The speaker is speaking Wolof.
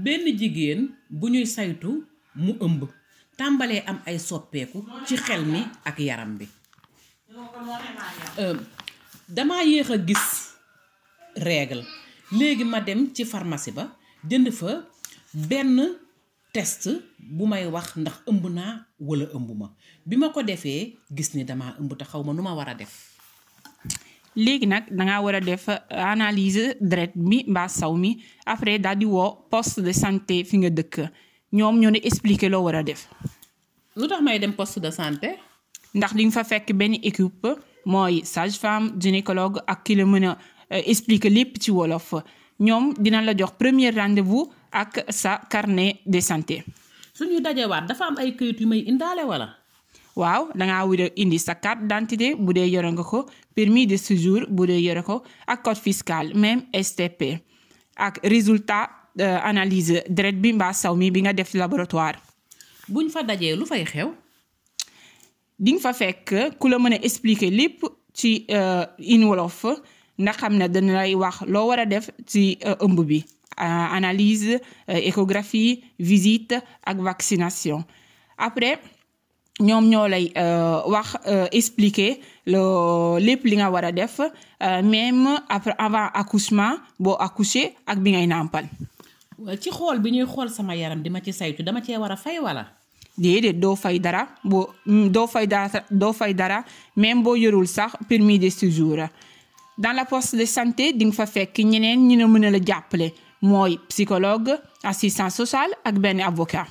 benn jigéen bu ñuy saytu mu ëmb tàmbalee am ay soppeeku ci xel mi ak yaram bi euh, damaa yéex a gis règle léegi ma dem ci pharmacie ba jënd fa benn test bu may wax ndax ëmb naa walla ëmb ma bi ma ko defee gis ni dama ëmb te xaw ma nu ma war a def léegi nag dangaa war a def euh, analyse deret mi mbaa saw mi après daal di woo post de santé fi nga dëkk ñoom ñoo ne expliquer loo war a def. lu tax may dem post de santé. ndax li nga fa fekk benn équipe mooy sage femme gynécologue ak ki la mën a euh, expliquer lépp ci wolof ñoom dina la jox première rendez-vous ak sa carnet de santé. suñu dajewaat dafa am ay këyit yu may indaale walla waaw dangaa war a indi sa carte d'identité bu dee yore nga ko permis de séjour bu dee yore ko ak code fiscal même STP ak résultat euh, analyse deret bi mbaa saw mi bi nga def laboratoire. buñ fa dajee lu fay xew. di nga fa fekk ku la mën a expliquer lépp ci euh, in wolof ndax xam ne dana wax loo war a def ci euh, ëmb bi. analyse échographie visite ak vaccination après. ñoom ñoo lay euh, wax euh, expliquer lépp li nga war a def euh, même après avant accouchement boo accouché ak bi ngay nàmpal. ci xool bi ñuy xool sama yaram dima ci saytu dama cee war a fay wala. déedéet doo fay dara boo mm, doo fay dara doo fay dara même boo yorul sax permis de séjour dans la poste de santé di nga fa fekk ñeneen ñi ne mën la jàppale mooy psychologue assistance sociale ak benn avocat.